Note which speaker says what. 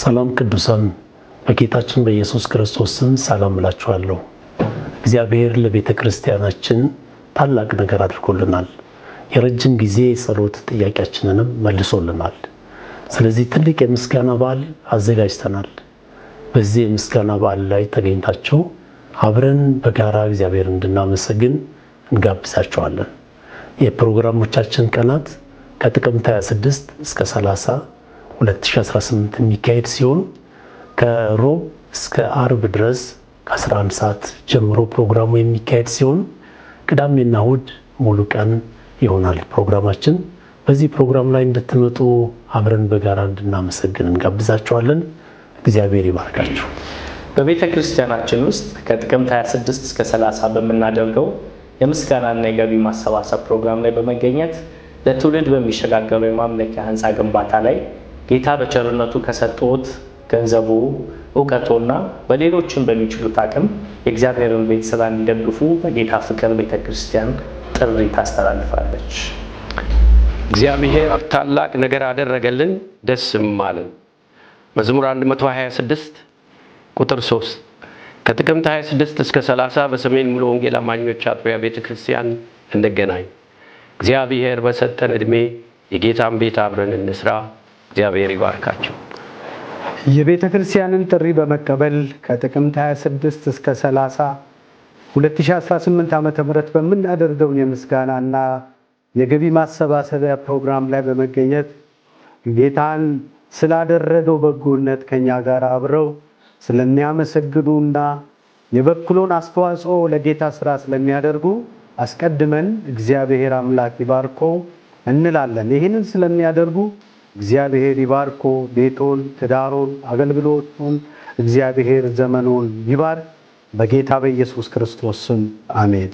Speaker 1: ሰላም ቅዱሳን፣ በጌታችን በኢየሱስ ክርስቶስ ስም ሰላም እላችኋለሁ። እግዚአብሔር ለቤተ ክርስቲያናችን ታላቅ ነገር አድርጎልናል። የረጅም ጊዜ የጸሎት ጥያቄያችንንም መልሶልናል። ስለዚህ ትልቅ የምስጋና በዓል አዘጋጅተናል። በዚህ የምስጋና በዓል ላይ ተገኝታችሁ አብረን በጋራ እግዚአብሔር እንድናመሰግን እንጋብዛችኋለን። የፕሮግራሞቻችን ቀናት ከጥቅምት 26 እስከ 30 2018 የሚካሄድ ሲሆን ከሮብ እስከ አርብ ድረስ ከ11 ሰዓት ጀምሮ ፕሮግራሙ የሚካሄድ ሲሆን ቅዳሜና እሁድ ሙሉ ቀን ይሆናል ፕሮግራማችን። በዚህ ፕሮግራም ላይ እንድትመጡ አብረን በጋራ እንድናመሰግን እንጋብዛችኋለን። እግዚአብሔር ይባርካችሁ።
Speaker 2: በቤተ ክርስቲያናችን ውስጥ ከጥቅምት 26 እስከ 30 በምናደርገው የምስጋናና የገቢ ማሰባሰብ ፕሮግራም ላይ በመገኘት ለትውልድ በሚሸጋገረው የማምለኪያ ህንፃ ግንባታ ላይ ጌታ በቸርነቱ ከሰጦት ገንዘቡ፣ እውቀቶና በሌሎችም በሚችሉት አቅም የእግዚአብሔርን ቤት ስራ እንዲደግፉ በጌታ ፍቅር ቤተ ክርስቲያን ጥሪ ታስተላልፋለች።
Speaker 1: እግዚአብሔር ታላቅ ነገር አደረገልን፣ ደስም አለን። መዝሙር 126 ቁጥር 3 ከጥቅምት 26 እስከ 30 በሰሜን ሙሉ ወንጌል አማኞች አጥቢያ ቤተ ክርስቲያን እንገናኝ። እግዚአብሔር በሰጠን ዕድሜ የጌታን ቤት አብረን እንስራ። እግዚአብሔር ይባርካቸው። የቤተ ክርስቲያንን ጥሪ በመቀበል ከጥቅምት 26 እስከ 30 2018 ዓ ም በምናደርገው የምስጋናና የገቢ ማሰባሰቢያ ፕሮግራም ላይ በመገኘት ጌታን ስላደረገው በጎነት ከኛ ጋር አብረው ስለሚያመሰግኑና የበኩሉን አስተዋጽኦ ለጌታ ስራ ስለሚያደርጉ አስቀድመን እግዚአብሔር አምላክ ይባርኮ እንላለን። ይህንን ስለሚያደርጉ እግዚአብሔር ይባርኮ ቤቶን፣ ትዳሮን፣ አገልግሎቱን እግዚአብሔር ዘመኑን ይባርክ። በጌታ በኢየሱስ ክርስቶስ ስም አሜን።